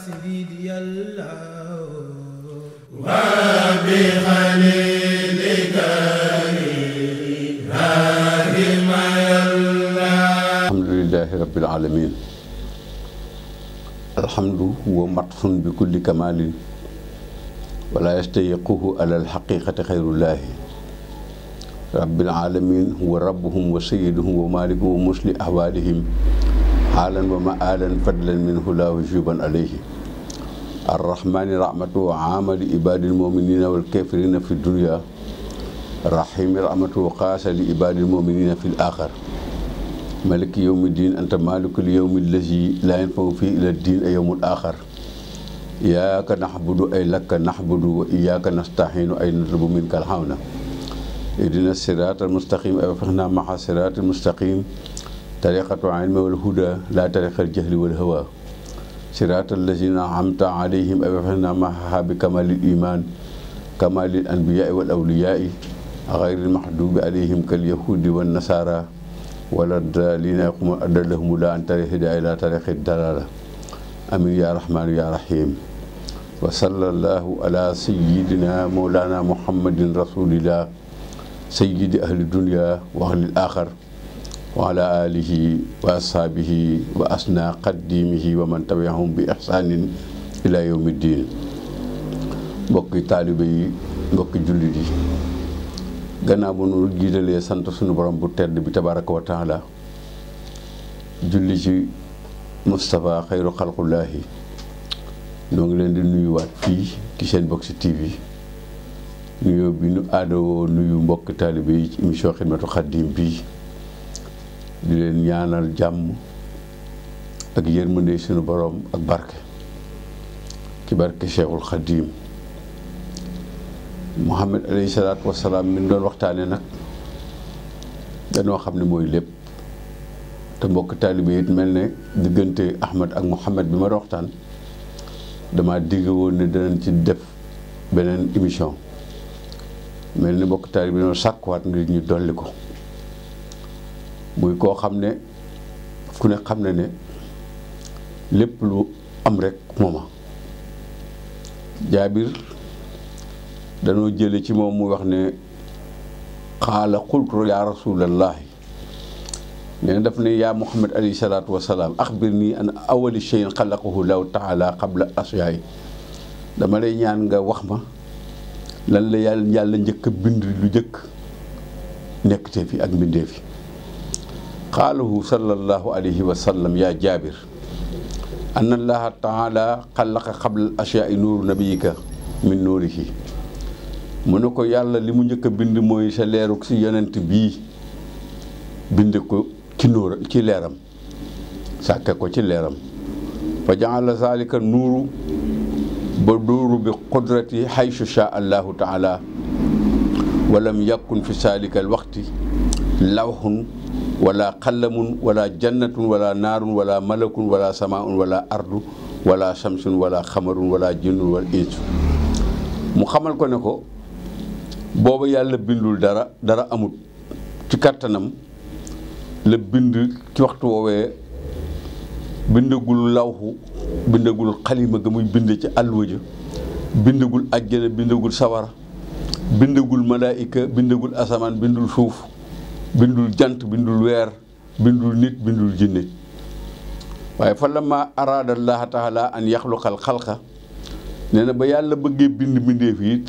سيدي الله وبخليلك الله الحمد لله رب العالمين الحمد هو مطف بكل كمال ولا يستيقه على الحقيقة خير الله رب العالمين هو ربهم وسيدهم ومالكهم ومسلم أحوالهم حالا ومآلا فضلا منه لا وجوبا عليه الرحمن رحمته عام لعباد المؤمنين والكافرين في الدنيا رحيم رحمته قاس لعباد المؤمنين في الآخر ملك يوم الدين أنت مالك اليوم الذي لا ينفع فيه إلى الدين يوم الآخر إياك نعبد أي لك نعبد وإياك نستعين أي نطلب منك الحونه اهدنا الصراط المستقيم افقنا مع الصراط المستقيم طريقة علم والهدى لا طريقه الجهل والهوى صراط الذين أنعمت عليهم أبفنا نعم معها بكمال الإيمان كمال الأنبياء والأولياء غير المحدوب عليهم كاليهود والنصارى ولا الدالين يقوم أدلهم لا أن ترى هداية إلى طريق الدلالة أمين يا رحمن يا رحيم وصلى الله على سيدنا مولانا محمد رسول الله سيد أهل الدنيا وأهل الآخر wa ala alihi wa ashaabihi wa asna qadimihi wa man tabiahum bi ihsaanin ila yawmi diin mbokki taalibe yi mbokki jullit yi gannaaw bu nu jiitalee sant suñu borom bu tedd bi tabaraka wa julli ci Moustapha xayru xalqullaahi ñoo ngi leen di nuyuwaat fii ci seen Box TV nuyoo bi nu aadoo nuyu mbokki taalibe yi ci émission xidmatu xaddim bii di leen ñaanal jàmm ak yërmande sunu boroom ak barke ci barke Cheikhul Khadim Muhammad alayhi salaatu wasalaam mi doon waxtaane nag danoo xam ne mooy lépp te mbokk taalibe it mel ne diggante Ahmad ak Muhammad bi ma doon waxtaan dama digg woon ne danañ ci def beneen émission mel ni mbokk taalibe noonu sàkkuwaat ngir ñu dolli ko muy koo xam ne ku ne xam na ne lépp lu am rek mooma jaabir danoo jële ci moom mu wax ne xaala xultu yaa rasulallahi nee na daf ne yaa muhammad alayhi salaatu wasalaam axbir nii an awali cheyin xalaqahu law taala qabla asyaay dama lay ñaan nga wax ma lan la yàlla yàlla njëkk bind lu njëkk nekk te fi ak mbindee fi قاله صلى الله عليه وسلم يا جابر أن الله تعالى خلق قبل أشياء نور نبيك من نوره منكو يالا لي مو نك بيند موي سا ليروك سي يوننت بي بيند كو تي نور تي ليرام ساكا تي ليرام فجعل ذلك النور بدور بقدرتي حيث شاء الله تعالى ولم يكن في ذلك الوقت لوح wala xallamun wala jannatun wala naarun wala malakun wala samaun wala ardu wala shamsun wala xamarun wala jinnun wala insu mu xamal ko ne ko boobu yàlla bindul dara dara amut ci kattanam la bind ci waxtu woowee bindagul lawxu bindagul xalima ga muy bind ci àlluwa ja bindagul ajjana sawara bindagul malaayika bindagul asamaan bindul suuf bindul jant bindul weer bindul nit bindul jinne waaye fa la ma araada allaha an yaxluqal xalqa nee na ba yàlla bëggee bind bindeef yi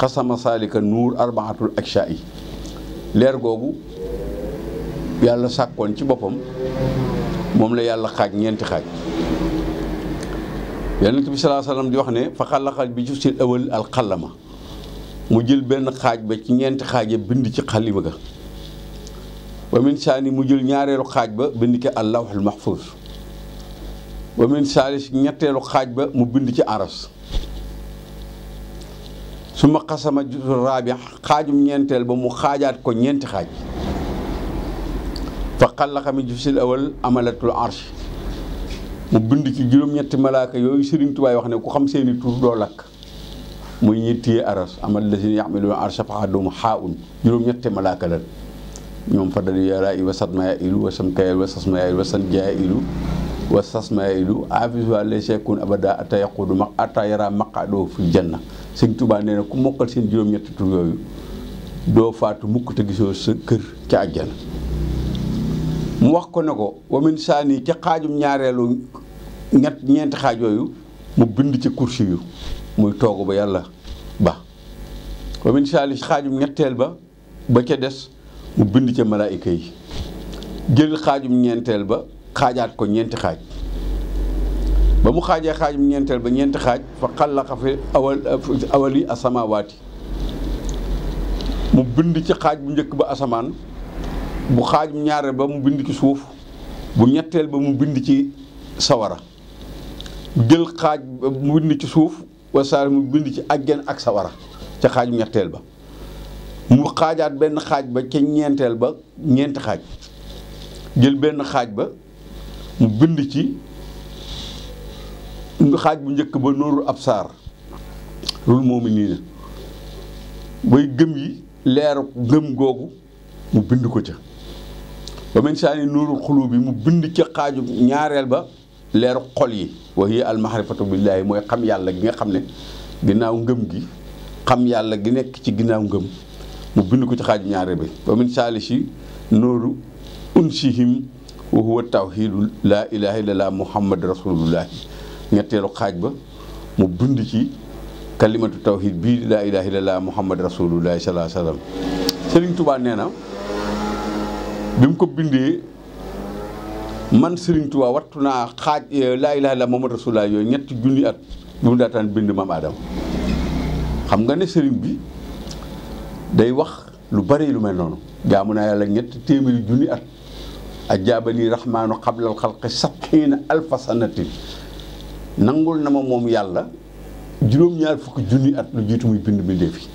xasama saalika nuur arbaatul aksha yi leer googu yàlla sàkkoon ci boppam moom la yàlla xaaj ñeenti xaaj yonent bi salaa salaam di wax ne fa bi ci si awal al xalama mu jël benn xaaj ba ci ñeenti xaaj xaaje bind ci xalima ga ومن ثاني مجل نياري الخاجبة بنديك الله المحفوظ ومن ثالث نياري الخاجبة مبنديك عرس ثم قسم الجزء الرابع خاج من ينتل بمو خاجات كون ينت خاج فقال لك من الجزء الأول عملة العرش مبنديك جلوم ينت ملاك يوي سرين تواي وخنا كو خمسيني تردو لك مو ينتي عرس عمل الذين يعملون عرش فقادهم حاون جلوم ينت ملاك لك ñoom fadali yara i wasat maya ilu wasam kayel wasas maya ilu wasan jaya ilu wasas ilu afis wa lay sekkun abada ata yaqudu maq ata yara maqadoo fi janna sëñ nee na ku mokkal seen juróom-ñetti tur doo faatu mukk te gisoo sa kër ca àjjana mu wax ko ne ko wamin saani ca xaajum ñaareelu ñett ñeenti xaaj yooyu mu bind ci kursi yu muy toogu ba yàlla ba wamin saani xaajum ñetteel ba ba ca des mu bind ca malaayika yi jël xaajum ñeenteel ba xaajaat ko ñeenti xaaj ba mu xaajee xaajum ñeenteel ba ñeenti xaaj fa xallaqa fi awal awali asamawaati mu bind ci xaaj bu njëkk ba asamaan bu xaajum ñaareel ba mu bind ci suuf bu ñetteel ba mu bind ci sawara jël xaaj mu bind ci suuf wasaare mu bind ci ajjan ak sawara ci xaajum ñetteel ba mu xaajaat benn xaaj ba ca ñeenteel ba ñeenti xaaj jël benn xaaj ba mu bind ci xaaj bu njëkk ba noorul ab saar loolu moomu nii gëm yi leeru gëm googu mu bind ko ca ba men saa ni xulub bi mu bind ca xaaju ñaareel ba leeru xol yi wa hiya almaxrifatu billaahi mooy xam yàlla gi nga xam ne ginnaaw ngëm gi xam yàlla gi nekk ci ginnaaw ngëm mu bind ko ci xaaj ñaare bi ba min saalisi nooru unsihim wa huwa tawhidu laa ilaha illallah muhammad rasulullah ñetteelu xaaj ba mu bind ci kalimatu tawhid bii la ilaha illallah muhammad rasulullah salaa sallam Sëriñ Tuubaa nee na bi mu ko bindee man Sëriñ Tuubaa wattu naa xaaj eh, laa ilaha illallah muhammad rasulullah yooyu ñetti junni at bi mu daataan xam nga ne sëriñ bi day wax lu bari lu mel noonu jaamu naa yàlla ñett téeméeri junni at ajaabali rahmaanu xablal xalqi sattiina alfa sanatin nangul na ma moom yàlla juróom-ñaar fukki junni at lu jiitu muy bind bindéef yi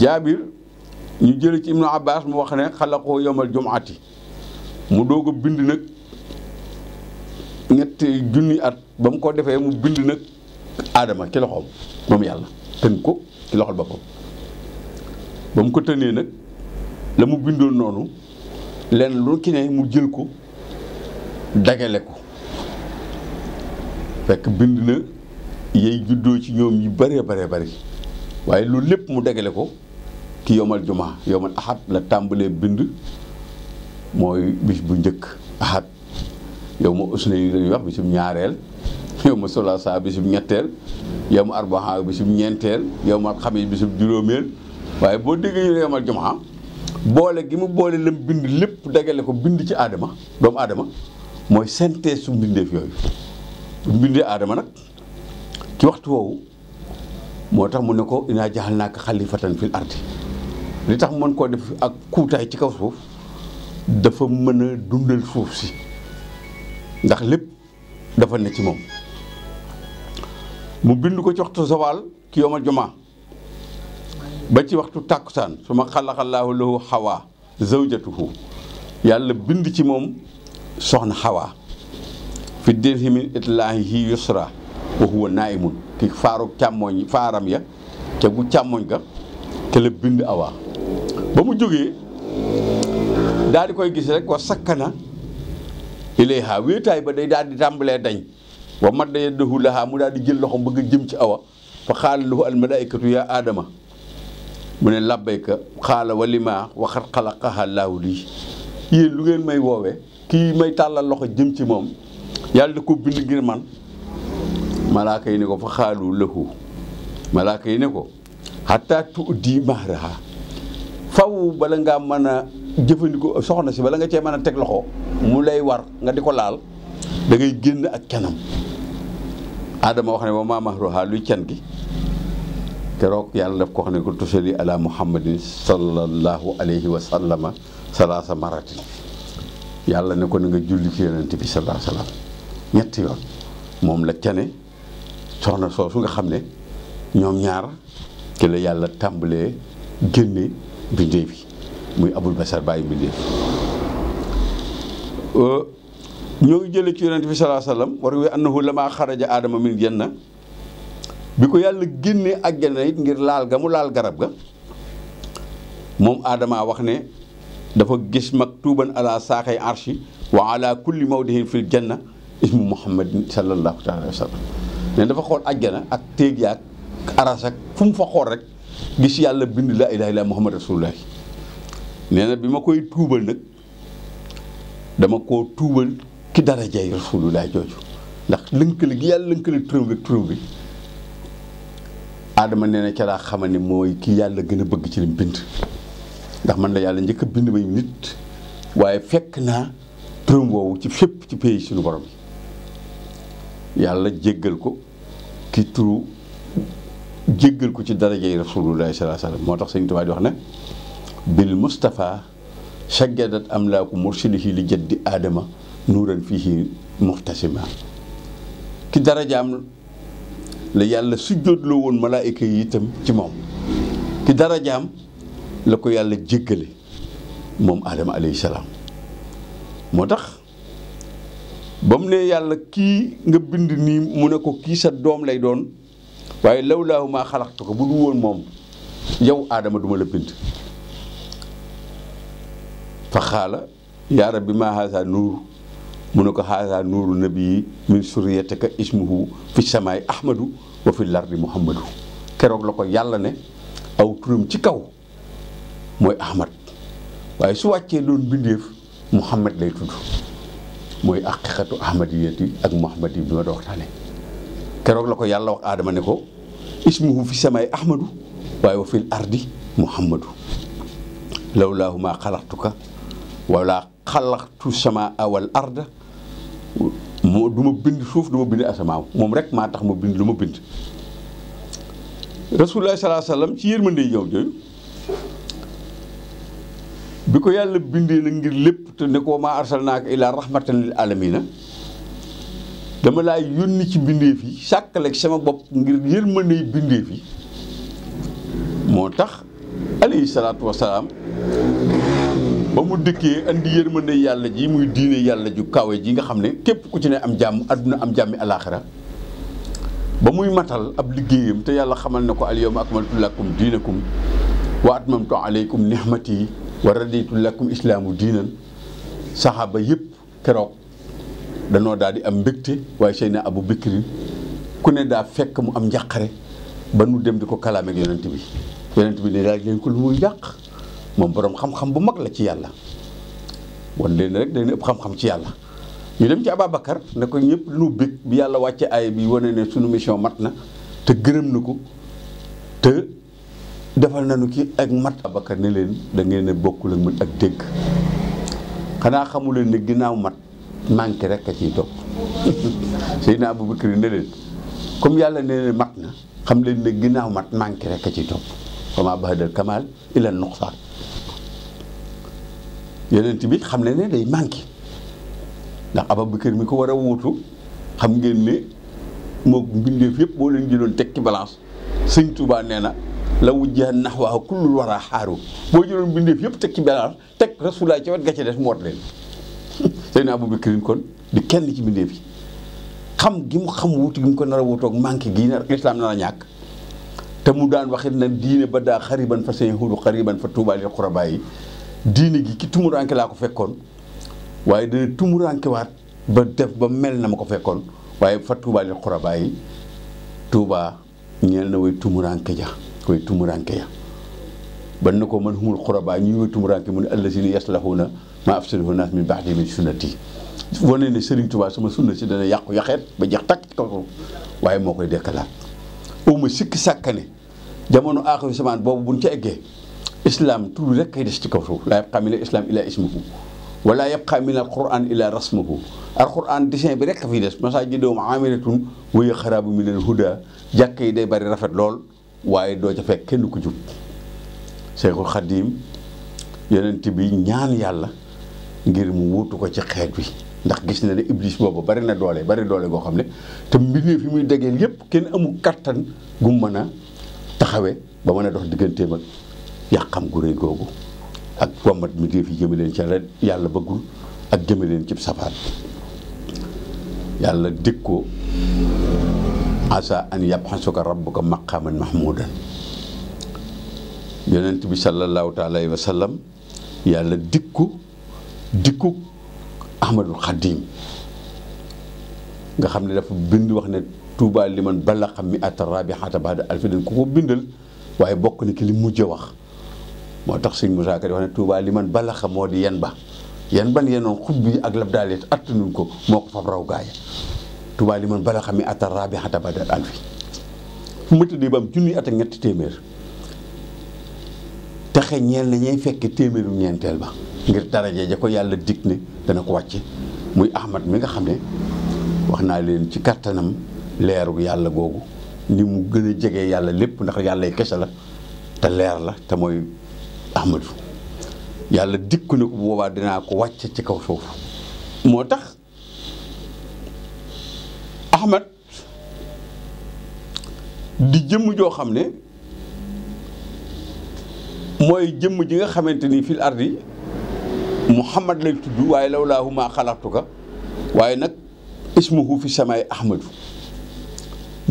jaabir ñu jële ci ibnu abbas mu wax ne xalaqoo yowmal jumaati mu doog a bind nag ñetti junni at ba mu ko defee mu bind nag aadama ci loxoom moom yàlla tën ko ci loxol boppam ba mu ko tënee nag la mu bindoon noonu lenn lu ki ne mu jël ko dagale ko fekk bind na yey juddoo ci ñoom yu bare bare bari waaye loolu lépp mu dagale ko ki yomal juma yomal ahad la tàmbalee bind mooy bis bu njëkk ahad yow ma usna yi dañuy wax bisum ñaareel yow ma solasa bisum ñetteel yow ma arbaha bisum ñeenteel yow ma alxamis bisum juróomeel waaye boo déggee ñu yomal jumaa boole gi mu boole lam bind lépp dagale ko bind ci aadama doomu aadama mooy synthèse su mbindeef yooyu mbindee aadama nag ci waxtu woowu moo tax mu ne ko inaa jaxal naa ko xalifatan fil ardi li tax mën koo def ak kuutaay ci kaw suuf dafa mën a dundal suuf si ndax lépp dafa ne ci moom mu bind ko ci waxtu sawaal ki yomal jumaa ba ci waxtu tàkkusaan su ma xalaxalaahu lahu xawaa zawjatuhu yàlla bind ci moom soxna xawaa fi dirhimin itlaahi yusra wa huwa naaimun ki faaru càmmooñ faaram ya te gu càmmooñ ga te la bind awaa ba mu jógee daal koy gis rek wa sakkana ilayha wéetaay ba day daal di tàmbalee dañ wa madda yaddahu laha mu daal di jël loxom bëgg jëm ci awa fa xaala lahu almalaikatu yaa aadama mu ne labbayka xaala wa limaa waxat xalaqaha laahu lii yéen lu ngeen may woowee kii may tàllal loxo jëm ci moom yàlla da ko bind ngir man malaaka yi ne ko fa xaalu lahu malaaka yi ne ko xataa tuuti mahraha faw bala ngaa mën a jëfandikoo soxna si bala nga cee mën a teg loxo mu lay war nga di ko laal da ngay génn ak canam Adama wax ne wa maa mahruha luy can gi keroog yàlla daf ko wax ne ko tusali ala muhammadin sallallahu alayhi wa sallama salaasa maratin yàlla ne ko na nga julli ci yonent bi salaa salaam ñetti yoon moom la cane soxna soosu nga xam ne ñoom ñaar ci la yàlla tàmbalee génne bindee bi muy abul basar bàyyi bindee euh, ñoo ngi xaraja aadama min janna bi ko yàlla génnee àjjana it ngir laal ga mu laal garab ga moom aadama wax ne dafa gis maktuban ala saaxay arshi wa ala kulli mawdihin fil janna ismu muhammadin sallallahu taala wa sallam ne dafa xool àjjana ak téeg yaag aras ak fu mu fa xool rek gis yàlla bind laa ilaha illa muhammad rasulullahi nee na bi ma koy tuubal nag dama koo tuubal ki darajay rasulullahi jooju ndax lënkale yàlla lënkale turam bi bi Adama neena ci la xamane moy ki yalla gëna bëgg ci lim bind ndax man la yalla ñëk bind bay nit waye fekk na turam wo ci fep ci pays suñu borom yalla jéggal ko ki turu jéggal ko ci yi rasulullah sallallahu alayhi wasallam motax sëñ Tuubaa di wax na bil Mustafa shaggadat amlaku mursidihi li jaddi Adama nuran fihi muhtasima ki am la yàlla sujjootloo woon malaayka yi itam ci moom ci jaam la ko yàlla jéggale moom aadama alayhi salaam moo tax ba mu ne yàlla kii nga bind nii mu ne ko kii sa doom lay doon waaye lawlaahu maa xalaqtu ko bu du woon moom yow aadama duma la bind fa xaala yaa rabbi maa haasa nuuru mun ne ko haada nuuru nabii min suriyatika ismuhu fi samaay ahmadu wa fi lardi muhammadu keroog la ko yàlla ne aw ci kaw mooy ahmad waaye su wàccee doon bindeef muhammad lay tudd mooy aqiqatu ahmadiyati ak muhammad yi bi ma doon waxtaane keroog la ko yàlla wax aadama ne ko ismuhu fi samaay ahmadu waaye wa fil ardi muhammadu lawlaahu maa xalaxtuka wala xalaxtu sama awal arda moo du bind suuf du ma bind asamaaw moom rek maa tax ma bind lu ma bind rasulullah salaa sallam ci yërmande yow jooyu bi ko yàlla bindee na ngir lépp te ne ko maa arsalnaaka illaa rahmatan alamina dama laa yónni ci bindeef fi sàkkaleeg sama bopp ngir yërmande bindeef yi moo tax alayhi salaatu wasalaam ba mu dikkee andi yërmande yàlla ji muy diine yàlla ju kawe ji nga xam ne képp ku ci ne am jàmm àdduna am jàmmi alaaxira ba muy matal ab liggéeyam te yàlla xamal na ko alyawma akmaltu lakum diinakum wa atmamtu alaykum nihmati wa raditu lakum islaamu diinan saxaaba yépp keroog danoo daal di am mbégte waaye Seydina Abu Bakrin ku ne daa fekk mu am njàqare ba nu dem di ko kalaame ak yonent bi yonent bi ne daal leen ko muy yàq moom boroom xam-xam bu mag la ci yàlla wan leen rek dañu ëpp xam-xam ci yàlla ñu dem ci a Ababacar ne ko ñëpp lu bég bi yàlla wàcce aay bi wane ne sunu mission mat na te gërëm na ko te defal nu ki ak mat Ababacar ne leen da ngeen a bokkul ak mën ak dégg xanaa xamu leen ne ginnaaw mat manqué rek a ciy topp Seydina Abubakar ne leen comme yàlla ne mat na xam leen ne ginnaaw mat manqué rek a ciy topp wa ma ba'dal kamal illa nuqsaan yonent bi xam ne ne day manqué ndax aba Ababakar mi ko war a wuutu xam ngeen ne moog mbindeef yëpp boo leen jëloon teg ci balance sëñ Touba nee na la wujjiha naxwaa kullul war a xaaru boo jëloon mbindeef yëpp teg ci balance teg rasulaa ca wet ga ca des mu wat leen sëñ Abubakar kon di kenn ci mbindeef yi xam gi mu xam wuutu gi mu ko nar a wuutoog gii nar lislaam nar a ñàkk te mu daan waxit nag diine ba daa xariban fa seen xulu xariban fa tuubaali xurabaa yi diine gi ki tumuranke laa ko fekkoon waaye dana tumurankewaat ba def ba mel na ma ko fekkoon waaye fa tuubaali xurabaa yi tuubaa ñeel na way tumuranke ja way tumuranke ya ban na ko man humul xurabaa ñuy way tumuranke mu ne allazina yaslahuuna maa afsalahu naas min ba'di min sunnati wane ne Serigne Touba sama sunna si dana yàqu yaxeet ba jeex takk ci waaye moo koy dekkalaat uma sikk sàkkane jamono aaxiru samaan boobu buñ ci eggee islam tour rek kay des ci kaw suuf laa yabqaa mina islam illa ismuhu wala yabqaa mina alquran illa rasmuhu alquran dessin bi rek a fi des masaajiduhum aamiratun wa hiya xaraabu minal huda jàkk yi day bari rafet lool waaye doo ca fekk kenn ku jub Seexul Xadiim yonent bi ñaan yàlla ngir mu wuutu ko ci xeet wi ndax gis na ne iblis boobu bari na doole bari doole goo xam ne te mbindeef fi muy degeel yépp kenn amul kattan gu mën a taxawe ba mën a dox digganteem ak yàqam gu rëy googu ak wammat mbindeef yi jëme ca la yàlla bëggul ak jëme leen ci safaan yàlla dégg ko asa an yabxasuka ko maqaaman mahmuudan yonent bi sallallahu taala wa sallam yàlla dikku dikku ahmadul xadim nga xam ne dafa bind wax ne tuubaal li man bala xam mi atta rabihata bada alfidin ku ko bindal waaye bokk na ki li mujj a wax moo tax si Moussa Ka di wax ne Touba li man bala xam moo ba yan ban yenoon ak lab ko moo li man bala xam mi atta rabihata bada alfi fu mu tëddee ba am junni at ak ñetti téeméer taxe ñeel na ñay fekk téeméeru ñeenteel ba ngir daraje ja ko yàlla dig ne dana ko wàcce muy ahmad mi nga xam ne wax naa leen ci kattanam leeru yàlla googu ni mu gën a jege yàlla lépp ndax yàlla kese la te leer la te mooy ahmadu yàlla dikku ne ko bu boobaa dinaa ko wàcce ci kaw suuf moo tax ahmad di jëmm joo xam ne mooy jëmm ji nga xamante ni fil ardi Muhammad lay tudd waaye lawlaahu maa xalaxtuka waaye nag ismuhu fi samaay Ahmadu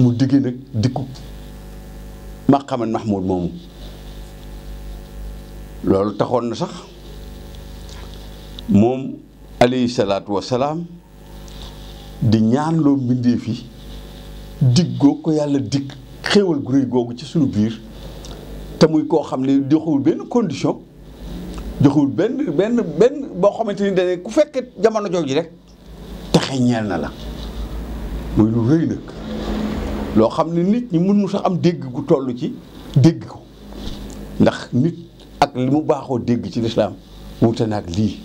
mu digg nag dikku maqaman Mahmoud moomu loolu taxoon na sax moom alayhi salaatu wasalaam di ñaan loo mbindee fi diggoo ko yàlla dikk xéewal gu réy googu ci sunu biir te muy koo xam ne doxul benn condition joxul benn benn boo xamante ni dane ku fekkee jamono jooju rek texe ñeel na la muy lu rëy nag loo xam ne nit ñi mënu sax am dégg gu toll ci dégg ko ndax nit ak li mu baaxoo dégg ci lislaam wute na ak lii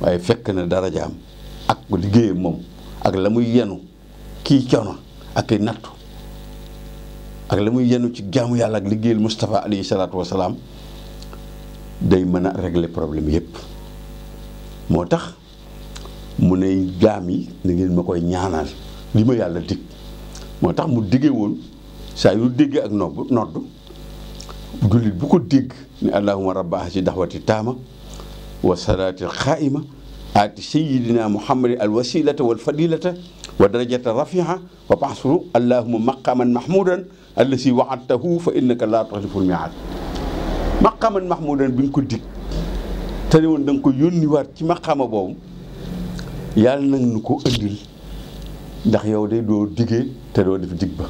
waaye fekk na darajaam ak liggéeyam moom ak la muy yenu kii coono ak i nattu ak la muy yenu ci jaamu yàlla ak liggéeyal Moustapha alayhi salaatu wasalaam day mën a régler problème yépp moo tax mu ne jaam yi na ngeen ma koy ñaanal li ma yàlla dig moo tax mu diggee woon saa yu déggee ak nobb nodd jullit bu ko dégg ne allahuma rabbaha si daxwati taama wa salaatil xaaima aati sayidina muhammadi al wasilata wal fadilata wa darajata rafiha wa baxsuru allahuma maqaman mahmudan allasi waadtahu fa innaka laa tuxliful miaad maqaaman mahmudan bi nga ko dig te ne ko da nga ko yónniwaat ci maqaama boobu yàlla nag nu ko ëndil ndax yow de doo diggee te doo def dig ba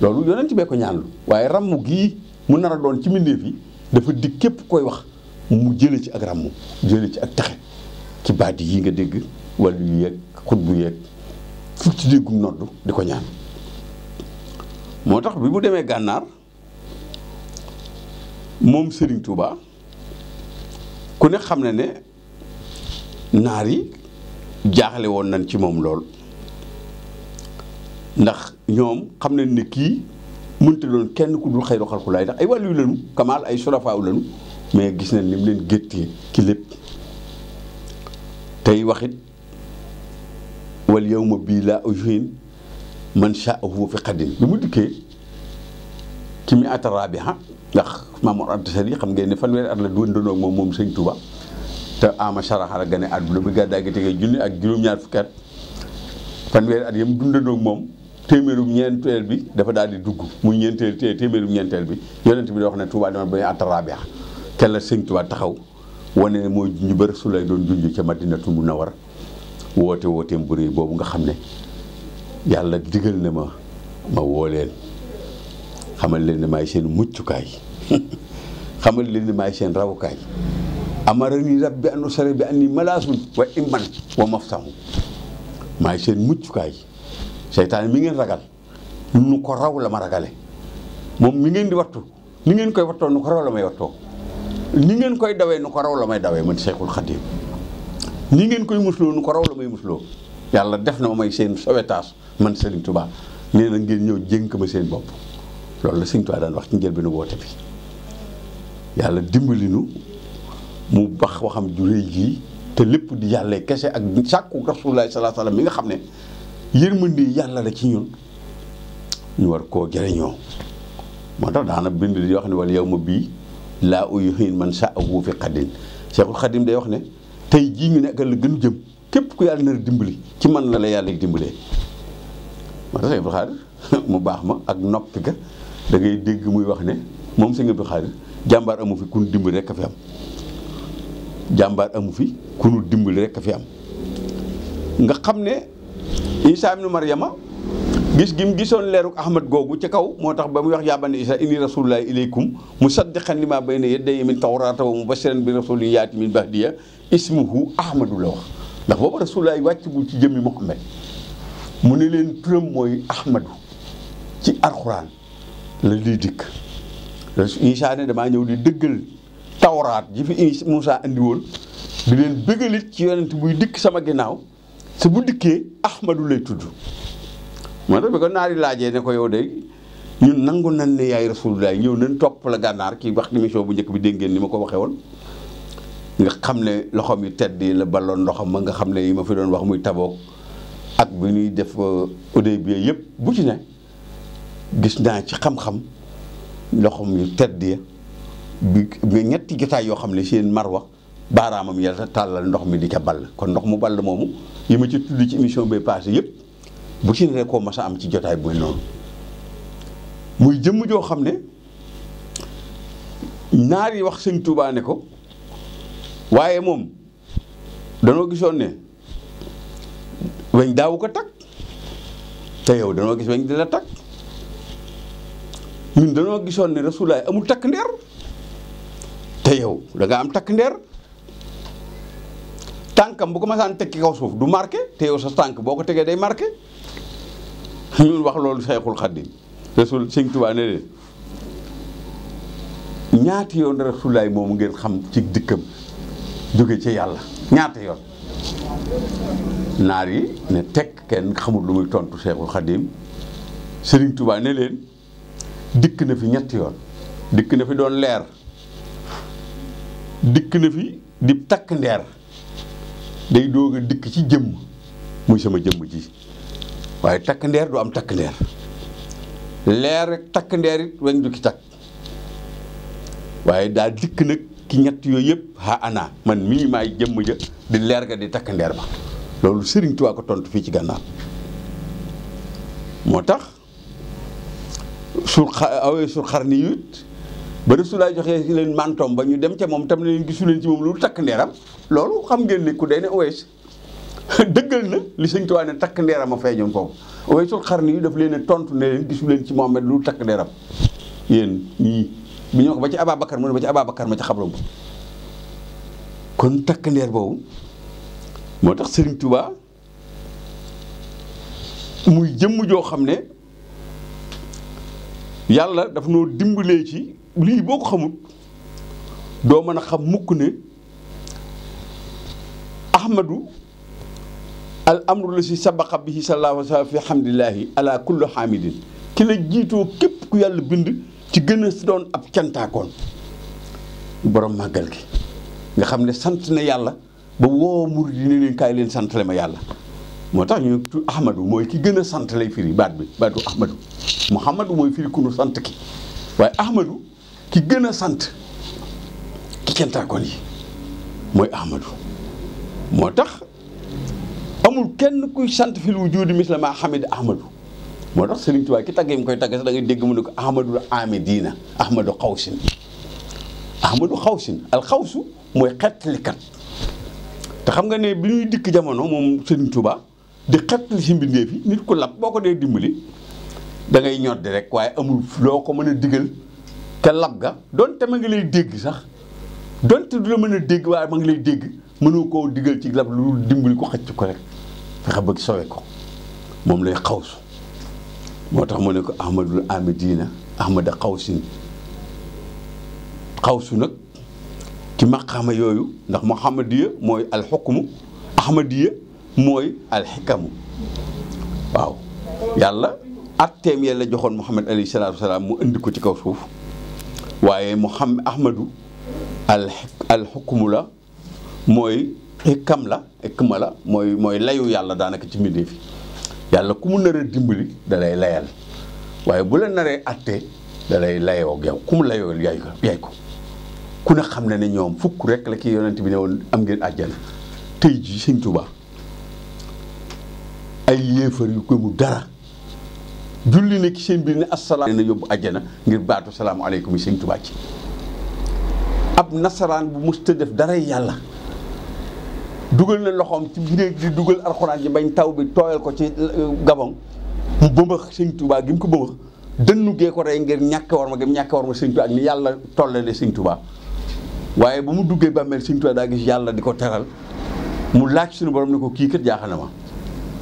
loolu yonent bee ko ñaanlu waaye ràmm gii mu nar a doon ci mbindeef yi dafa dig képp koy wax mu jële ci ak ràmm jële ci ak taxe ci baat yi nga dégg wala yu yeeg bu yeeg fukk ci déggum nodd di ko ñaan moo tax bi mu demee gànnaar moom Serigne Touba ku ne xam na ne naar yi jaaxale woon nañ ci moom lool ndax ñoom xam nañ ne kii mënta doon kenn ku dul xayru xalqulaay ndax ay wàllu lanu kamaal ay surafaaw lanu mais gis nañ ni mu leen géttee ci lépp tey waxit wal yawma bii la ujuhin man sha'ahu fi xadim bi mu dikkee ci mi ataraabiha ndax Mamour Anta Sali xam ngeen ne fanweeri at la duwandanoo moom moom sëñ Touba te ama saraxa la gane àdduna bi gàddaa gi tegee junni ak juróom-ñaar fukki at fanweeri at yam dundandoo moom téeméerum ñeenteel bi dafa daal di dugg mu ñeenteel te téeméerum ñeenteel bi yonent bi da wax ne Touba dama bañu àttaraabeex kenn la sëñ Touba taxaw wane ne mooy junj bër su lay doon junj ca na war woote wooteem bu boobu nga xam ne yàlla digal na ma xamal leen ne maay seen muccukaay xamal leen ne maay seen rawukaay amarani rabbi an usare bi anni malaasun wa imman wa maftahu maay seen muccukaay seytaan mi ngeen ragal nu ko raw la ma ragale moom mi ngeen di wattu ni ngeen koy wattoo nu ko raw la may ngeen koy dawee nu ko raw la may dawee man Seexul Xadiim ni ngeen koy musloo nu ko raw la may musloo yàlla def na ma may seen sowetaas man Serigne Touba nee na ngeen ñëw jënk ma seen bopp loolu la Sëñ Tuubaa daan wax ci njëlbeenu woote bi yàlla dimbali nu mu bax waxam ju rëy jii te lépp di yàlla kese ak sàkku Rasulullaahi sallallaahu alayhi wa sallam mi nga xam ne yërmande yàlla la ci ñun ñu war koo jëriñoo moo tax daana bind li wax ne wala yow ma bii laa uyuhin man saa awu fi Seexul Xadim day wax ne tey jii ñu nekk la gën jëm képp ku yàlla nar dimbali ci man la la yàlla dimbalee moo tax Seexul Xadim mu baax ma ak noppi ga da ngay dégg muy wax ne moom sëñ Abdou Khadre jàmbaar amu fi ku nu dimbali rek fi am jàmbaar amu fi ku nu dimbali fi am nga xam ne Isaa ibnu Maryama gis gim gisoon leeruk Ahmad googu ci kaw moo tax ba muy wax yaa banii Isaa inni rasulullahi ilaykum musaddiqan limaa bayna yadayya min tawraata wa mubashiran bi rasulin yaati min bahdiya ismuhu Ahmadu la wax ndax booba rasulullahi wàccagul ci jëmmi Muhammad mu ne leen turam mooy Ahmadu ci alxuraan. la lii dikk Isaa ne damaa ñëw di dëggal tawraat ji fi Moussa andi woon di leen bëggalit ci yonent buy dikk sama ginnaaw te bu dikkee Ahmadu lay tudd moo tax bi ko naari laajee ne ko yow de ñun nangu nan ne yaay rasulullah ñëw nañ topp la gànnaar kii wax émission bu njëkk bi dégg ni ma ko waxee woon nga xam ne loxoom yi tedd yi la balloon ndoxam ma nga xam ne yi ma fi doon wax muy tabook ak bi ñuy def odey bi yëpp bu ci ne gis naa ci xam-xam loxoom yu tedd ya bi ñetti jotaay yoo xam ne seen marwa baaraamam yàlla tàllal ndox mi di ca ball kon ndox mu ball moomu yi ma ci tudd ci émission bay passé yëpp bu si ne koo mas a am ci jotaay buy noonu muy jëmm joo xam ne naar yi wax sëñ Tuubaa ko waaye moom danoo gisoon ne weñ daawu ko takk te yow danoo gis weñ di la takk ñun dañoo gisoon ne rasulaay amul takk ndeer te yow danga am takk ndeer tànkam bu ko masaan tekki kaw suuf du marqué te yow sa tànk boo ko tegee day marqué ñun wax loolu Sayxul Xadiim rasul Sëñ Tuubaa ne ngeen xam ci dikkam jóge ci yàlla ñaata yoon naar yi ne tekk kenn xamul lu muy tontu Sayxul Xadiim Sëriñ Tuubaa leen dikk na fi ñetti yoon dikk na fi doon leer dikk na fi di takk ndeer day doog dikk ci jëmm muy sama jëmm ji waaye takk ndeer du am takk ndeer leer rek takk ndeer it du ki takk waaye daa dikk nag ki ñett yooyu yëpp ha ana man mii maay jëmm ja di leer ga di takk ndeer ba loolu Sëriñ Tuubaa ko tontu fii ci gànnaar moo tax sur awee ah sur xar ni su ba Rasulaay joxee leen mantoom ba ñu dem ca moom tam ne leen gisu ci moom lu takk ndeeram loolu xam ngeen ne ku day ne Uways dëggal na li sëñ Tuubaa ne takk ndeeram a feeñoon foofu Uways sur xar ni yu daf leen tontu ne leen gisu leen ci Muhammad lu takk ndeeram yéen ñii bi ñu ba ci Ababacar mu ne ba ci Ababacar ma ci xabroom kon takk ndeer boobu moo tax sëriñ Tuubaa muy jëmm joo xam ne yàlla daf noo dimbalee ci lii boo ko xamul doo mën a xam mukk ne ahmadu al amru la si sabaqa bihi sallallahu alayhi wa sallam fi hamdillahi ala kulli hamidin ki jiitoo képp ku yàlla bind ci gën a doon ab cantaakoon borom màggal gi nga xam ne sant na yàlla ba woo murid yi leen kaay leen sant ma yàlla moo tax ñu ahmadu mooy ki gën a sant lay firi baat bi baatu ahmadu muhammadu mooy firi ku nu sant ki waaye ahmadu ki gën a sant ki kentaakoon yi mooy ahmadu moo tax amul kenn kuy sant fil wujuudi misla ma xamid ahmadu moo tax Sëriñ Tuubaa ki tagg yi mu koy tagg sax da ngay dégg mu ne ko ahmadul amidina ahmadu xawsin ahmadu xawsin al xawsu mooy xettalikat te xam nga ne bi ñuy dikk jamono moom Sëriñ Tuubaa di xettali si mbindeef nit ku lab boo ko dee dimbali da ngay ñoddi rek waaye amul loo ko mën a diggal te lab ga donte ma ngi lay dégg sax donte du la mën a dégg waaye ma ngi lay dégg mënoo koo diggal ci lab lu dimbali ko xacc ko rek fexe bëgg sowe ko moom lay xawsu moo tax mu ne ko ahmadul amidina ahmada xawsin xawsu nag ci maqaama yooyu ndax muhammadiya mooy alxukmu ahmadiya mooy alxikamu waaw yàlla atteem la joxoon Muhammad alayhi salaatu wasalaam mu indi ko ci kaw suuf waaye xam Ahmadu al al xukumu la mooy xikam la mooy mooy layu yàlla daanaka ci mbindeef yi yàlla ku mu naree dimbali da layal waaye bu la naree attee da lay layoo ak yow ku mu layoo yaay ko ku ne xam na ne ñoom fukk rek la ki yonent bi ne woon am ngeen àjjana tey jii Sëñ ay yéefar yu ko mu dara julli na ci seen biir ne asalaam na yóbbu àjjana ngir baatu salaamualeykum yi sëñ Tuubaa ci ab nasaraan bu mës def dara yàlla dugal na loxoom ci biir di dugal alxuraan ji bañ taw bi tooyal ko ci euh, gabon mu bëmbax sëñ Tuubaa gi mu ko bëmbax dënnu gee ko rey ngir ñàkk war ma gëm ñàkk war ma sëñ Tuubaa ak ni yàlla tollale sëñ Tuubaa waaye bu mu duggee bàmmeel sëñ Tuubaa daa gis yàlla di ko teral mu laaj suñu borom ne ko kii kat jaaxal na ma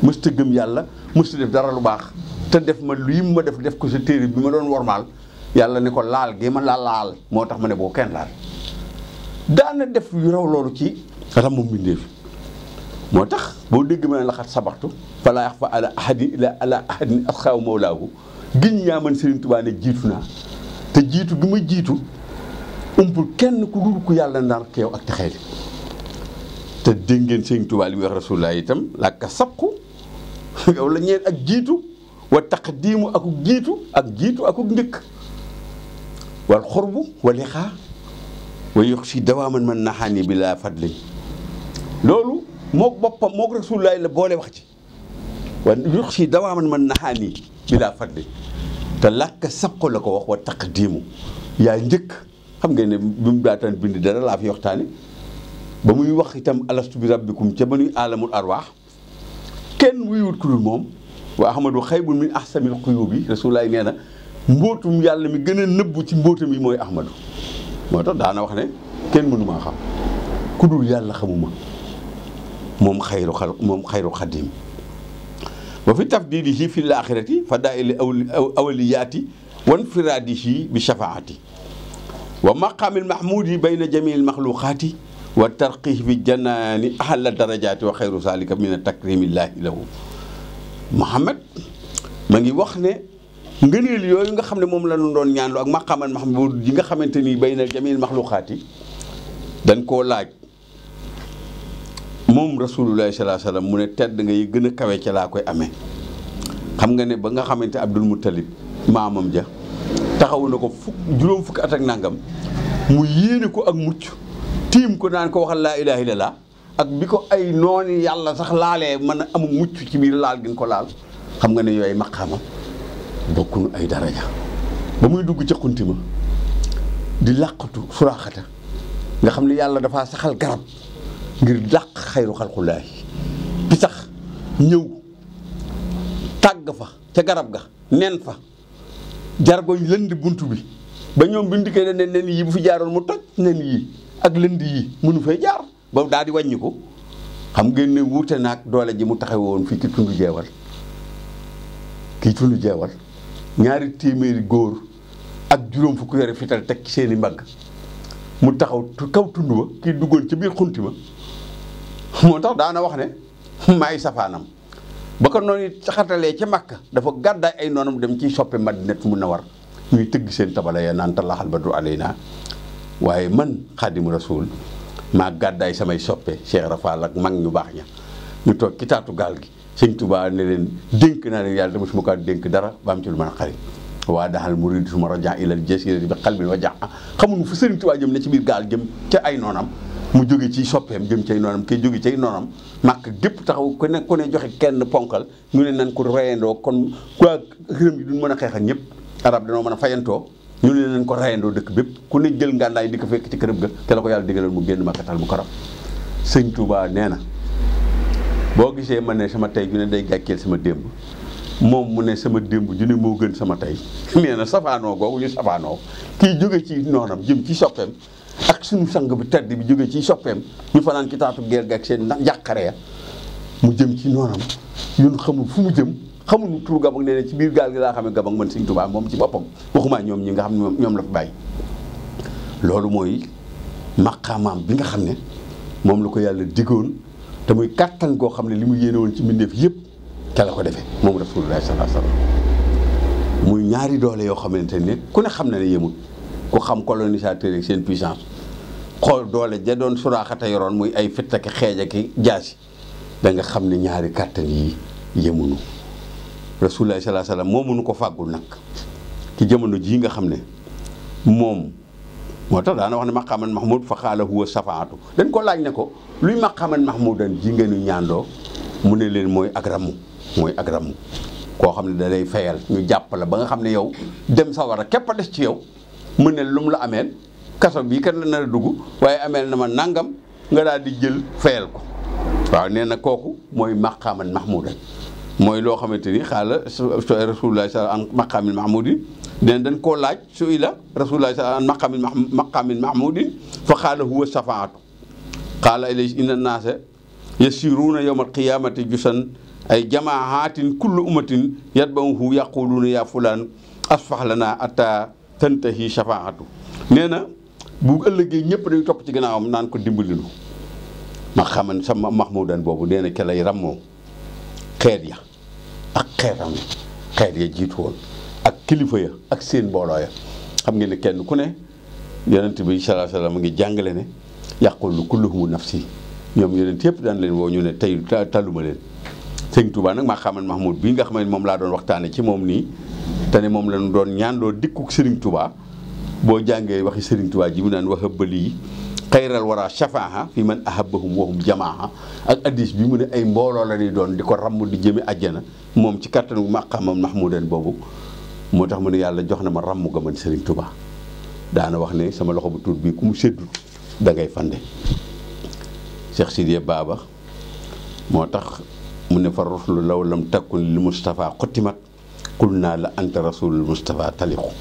mës gëm yàlla mës ta def dara lu baax te def ma lii ma def def ko sa téere bi ma doon wormaal yàlla ni ko laal gi ma laal laal moo tax ma ne boo kenn laal daana def yu raw loolu ci ramu mbindéef moo tax boo dégg ma ne la xat sabaxtu falaa yax fa ala ahadin ila ala ahadin asxaaw mawlaahu Sëriñ Tuubaa ne jiitu naa te jiitu gi ma jiitu umpul kenn ku dul ku yàlla ndar keew ak texee li te dégg ngeen Sëriñ Tuubaa li muy wax Rasulullah itam làkka sabku yow la ñeen ak jiitu wa taqdiimu ak jiitu ak jiitu ak njëkk wal xurbu wa liqaa si yuxsi dawaaman man naxaani bi laa fadli loolu mook boppam mook rasulullaay la boole wax ci wa yuxsi dawaaman man naxaani bi laa fadli te làkk sabqu la ko wax wa diimu yaa njëkk xam ngeen ne bi mu daataan bind dara laa fi waxtaane ba muy wax itam alastu bi rabbikum ca ba nuy alamul arwaax kenn wuyut ku moom واحمد خيب من احسن القيوب رسول الله نانا مبوتم يالا مي گنا نيب سي مبوتم مي موي احمد موتا دا نا واخني كين منو ما خام كودول يالا خموما موم خير خلق موم خير خديم وفي تفديده في الاخره فدائل اولياتي وانفراده بشفاعتي ومقام المحمود بين جميع المخلوقات والترقيه بالجنان احل الدرجات وخير ذلك من تكريم الله له Mohamed ma ngi wax ne ngëneel yooyu nga xam ne moom la ñu doon ñaanlu ak maqaaman Mahmoud yi nga xamante ni bay na jamil maxluqaat yi dañ koo laaj moom rasulullahi salaa salaam mu ne tedd nga yi gën a kawe ca laa koy amee xam nga ne ba nga xamante Abdul Muttalib maamam ja taxawu na ko fukk juróom fukki at ak nangam mu yéene ko ak mucc tiim ko daan ko waxal laa ilaaha illallah ak bi ko ay noonu yàlla sax laale mën a amu mucc ci biir laal gi ko laal xam nga ne yooyu maqaama bokkunu ay daraja ba muy dugg ca xunti ma di làqatu suraaxata nga xam ne yàlla dafa saxal garab ngir dàq xayru xalqulaay bi sax ñëw tàgg fa ca garab ga nen fa jargoñ lënd bunt bi ba ñoom bi mu dikkee ne nen yi bu fi jaaroon mu toj nen yi ak lënd yi mënu fay jaar ba daal di wàññiku xam ngeen ne wuute naag doole ji mu taxaw woon fii ci tund jeewal kii tund jeewal ñaari téeméeri góor ak juróom fukk yore fital teg ci seen i mbagg mu taxaw kaw tund wa kii duggoon ci biir xunti ma moo tax daana wax ne may safaanam ba ko noonu xatalee ca Makka dafa gàddaay ay noonam dem ciy soppi Madinat mun na war ñuy tëgg seen tabala ya naan talaxal ba du alay waaye man xaadimu rasul maa gàddaay samay soppe Cheikh Rafal ak mag ñu baax ña ñu toog ci taatu gaal gi sëñ tubaa ne leen dénk naa leen yàlla dama su ma kaa dénk dara ba am ci lu mën a xarit waa daxal murid suma raja ilal jasirati bi xalbin wa jax xamuñu fu sëriñ Tuubaa jëm ne biir gaal jëm ca ay noonam mu jóge ci soppeem jëm cay noonam kay jóge cay noonam màkk gépp taxaw ku ne ku joxe kenn ponkal ñu ne nan ko reyandoo kon ku xërëm yi duñ mën a xeexal ñëpp arab danoo mën a fayantoo ñu ne leen ko rayandoo dëkk bépp ku ne jël ngàndaay di ko fekk ci këram ga te la ko yàlla digaloon mu génn makkatal mu karam sëñ Touba nee na boo gisee ma ne sama tey ju ne day gàcceel sama démb moom mu ne sama démb ju ne moo gën sama tey nee na safaanoo googu ñu safaanoo kii jóge ci noonam jëm ci soppeem ak suñu sang bu tedd bi jóge ci soppeem ñu fanaan ci taatu geer ga ak seen njàqare ya mu jëm ci noonam ñun xamul fu mu jëm xamuñu tur gabang nee na ci biir gaal gi laa xamee gabang man sëñ Tuubaa moom ci boppam waxumaa ñoom ñi nga xam ne ñoom la fa bàyyi loolu mooy maqaamaam bi nga xam ne moom la ko yàlla diggoon te muy kàttan goo xam ne li mu yéene woon ci mbindeef yëpp te la moom rasulullah sallallahu alayhi wasallam muy ñaari doole yoo xamante ne ku ne xam na ne yemul ku xam colonisateur yi seen puissance xool doole ja doon suraaxata yoroon muy ay fitt ak xeej ak jaasi da nga xam ne ñaari kàttan yi yemunu rasulullah salaa salaam moo mënu ko fàggul nag ki jamono ji nga xam ne moom moo tax daana wax ne xaman mahmud fa xaala huwa safaatu dañ ko laaj ne ko luy maqaaman mahmudan ji ngeenu ñaandoo mu ne leen mooy ak ramu mooy ak ramu koo xam ne dalay lay ñu jàpp la ba nga xam ne yow dem sawara képp a des ci yow mu ne lu la ameel kaso bii kan la nar a dugg waaye ameel na ma nangam nga daal di jël fayal ko waaw nee na kooku mooy maqaaman mahmudan mooy loo xamante ni xaala rasulullah sa an maqaamin mahmudin den dañ koo laaj su ila rasulullah sa an maqaamin maqaamin mahmudin fa xaala huwa safaatu xaala ilay inna naasa yasiruuna yowma alqiyamati jusan ay jamaahatin kullu ummatin yatbahu yaquluuna yaa fulaan asfax lana atta tantahi safaatu nee bu ëllëgee ñëpp dañu topp ci gannaawam naan ko dimbalinu ma sama mahmudan boobu nee na ke lay ya ak xeetam xeet ya jiitu woon ak kilifa ya ak seen mbooloo ya xam ngeen ne kenn ku ne yonent bi sallallahu alayhi wasallam mu ngi jàngale ne yàqulu naf si ñoom yonent yëpp daan leen woo ñu ne tey tàlluma leen sëñ Touba nag maa xaman Mahmoud bii nga xam ne moom laa doon waxtaane ci moom nii te ne moom lañu doon ñaandoo dikku Serigne Touba boo jàngee waxi Serigne Touba ji mu naan wax a bëli yi xayral war a shafaaha fi man ahabbahum wahum jamaaha ak addis bi mu ne ay mbooloo la ñuy doon di ko ramm di jëme àjjana moom ci kattanu maqamam mahmudan boobu moo tax mu ne yàlla jox na ma ramm ga man Serigne Touba daana wax ne sama loxo bu tuut bii ku mu séddu da ngay fande Cheikh Sidiya Baba moo tax mu ne fa ruslu law lam takkun li Moustapha xottimat qul naa la anta rasulul Moustapha taliqu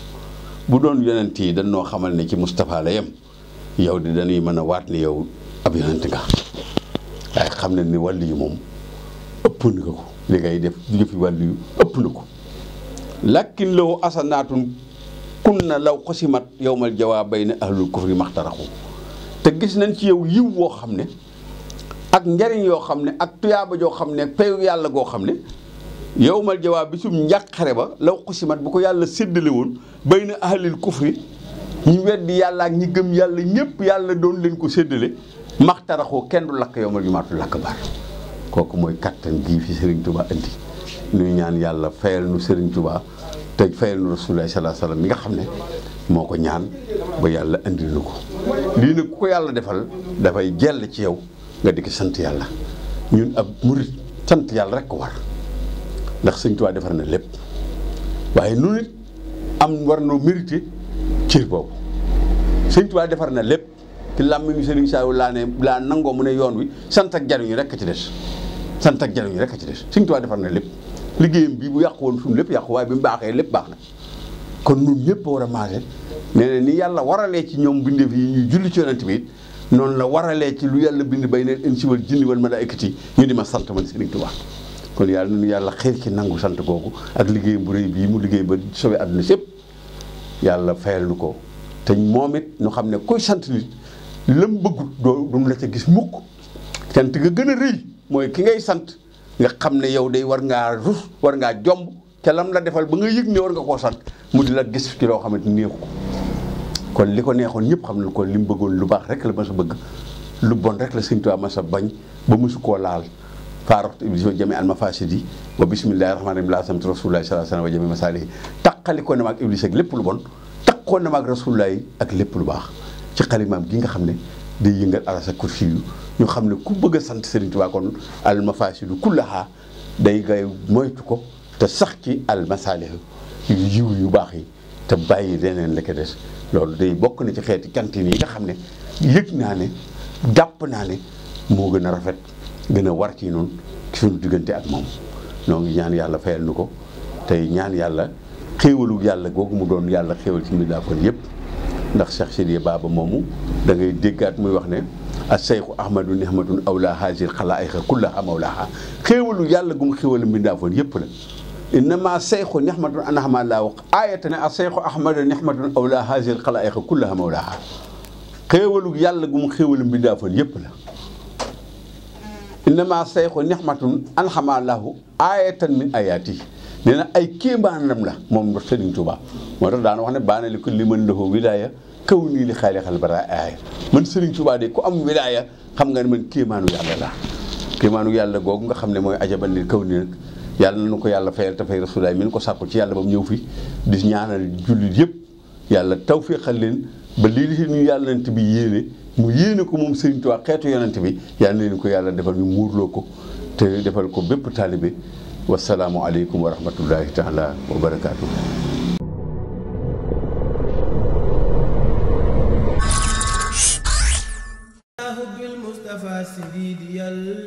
bu doon yonent yi dañ noo xamal ne ci Moustapha la yem yow di dañuy mën a waat ni yow ab yonent nga waaye xam ne ni wàllu yi moom ëpp na ko li ngay def jëfi wàllu yu ëpp na ko lakkin lawu asanaatun kun na law xosimat mal jawaab bay na ahlul kufri maxtaraxu te gis nañ ci yow yiw woo xam ne ak njariñ yoo xam ne ak tuyaaba joo xam ne payu yàlla goo xam ne mal jawaab bi sum njàqare ba law xosimat bu ko yàlla séddale bay na ahlil kufri ñi weddi yàlla ak ñi gëm yàlla ñëpp yàlla doon leen ko séddale maxtaraxoo kenn du lakk yow ma jumaatu lakk baar kooku mooy kattan gii fi Serigne Touba indi nuy ñaan yàlla fayal nu Serigne Touba te fayal nu Rasulullah sallallahu alayhi mi nga xam ne moo ko ñaan ba yàlla indi nu ko lii nag ku ko yàlla defal dafay jell ci yow nga di sant yàlla ñun ab murit sant yàlla rek ko war ndax Serigne Touba defar na lépp waaye nu nit am war noo mérité ciir boobu sëñ Tuubaa defar na lépp ci làmmiñu Sëriñ Saaw laa ne laa nangoo mu ne yoon wi sant ak jariñu rek a ci des santa ak jariñu rek a ci des sëñ Tuubaa defar na lépp liggéeyam bii bu yàqu woon suñu lépp yàqu waaye bi mu baaxee lépp baax na kon ñun ñëpp war a maase nee na ni yàlla waralee ci ñoom bindeef yi ñuy julli ci yonent bi it noonu la waralee ci lu yàlla bind bay neen insi wal jinni wal malaa'ikati ñu di ma sant man Sëriñ Tuubaa kon yàlla nunu yàlla xeer ci nangu sant googu ak liggéeyam bu bii mu liggéey ba sobe àdduna yàlla fayal lu ko te moom it ñu xam ne koy sant nit lam bëggut doo du la ca gis mukk sant nga gën a rëy mooy ki ngay sant nga xam ne yow day war ngaa rus war ngaa jomb ca lam la defal ba nga yëg ne war nga koo sant mu di la gis ci loo xamante neexu kon li ko neexoon ñëpp xam ne ko li mu bëggoon lu baax rek la ma sa bëgg lu bon rek la Sëñ Tuubaa ma sa bañ ba mësu ko laal faaroxtu iblis wa jami al mafasidi wa bismillahi rahmani rahim laa samtu rasulullahi sallallahu alayhi wa jami masalihi taqalikoo na ma ak iblis ak lépp lu bon taqoo na ak lépp lu baax ci xalimaam gi nga xam ne day yëngal aras ak kursi yu ñu xam ne ku bëgg a sant Serigne Touba kon al mafasidu kullaha day ngay moytu ko te sax ci al masalih yu yiw yu baax yi te bàyyi leneen la loolu day bokk na ci xeeti cant yi nga xam ne yëg naa ne jàpp naa ne moo gën a rafet gën a war ci noonu suñu diggante ak moom noo ngi ñaan yàlla fayal nu ko tey ñaan yàlla xéewalu yàlla googu mu doon yàlla xéewal ci mbir kon yëpp ndax Cheikh Sidiya Baba moomu da ngay déggaat muy wax ne a seyxu ahmadu nihmatun awla hasil xalaayixa kullaha mawlaha xéewalu yàlla gum xéewal mbindaafoon yëpp la innama seyxu nihmatun anahama laa wax aayata ne a seyxu ahmadu nihmatun awla hasil xalaayixa kullaha mawlaha xéewalu yàlla gum xéewal mbindaafoon yëpp la innama sayxu nixmatun anxama lahu ayatan min ayati nee na ay kéemaanam la moom Serigne Touba moo tax daana wax ne baana li ko li mën lahu wilaaya kaw nii li xaali xal bara aaya man Serigne Touba de ku am wilaaya xam nga ne man kéemaanu yàlla la kéemaanu yàlla googu nga xam ne mooy ajaban li kaw nii nag yàlla na ko yàlla fayal te fay rasulaay mi ko sàkku ci yàlla ba mu ñëw fi di ñaanal jullit yëpp yàlla tawféexal leen ba lii li ñu yàllant bi yéene mu yéene ko moom Serigne Touba xeetu yonent bi yal na leen ko yàlla defal ñu muurloo ko te defal ko bépp taalibe wasalaamu aleykum wa rahmatullahi taala wa barakaatu. سيدي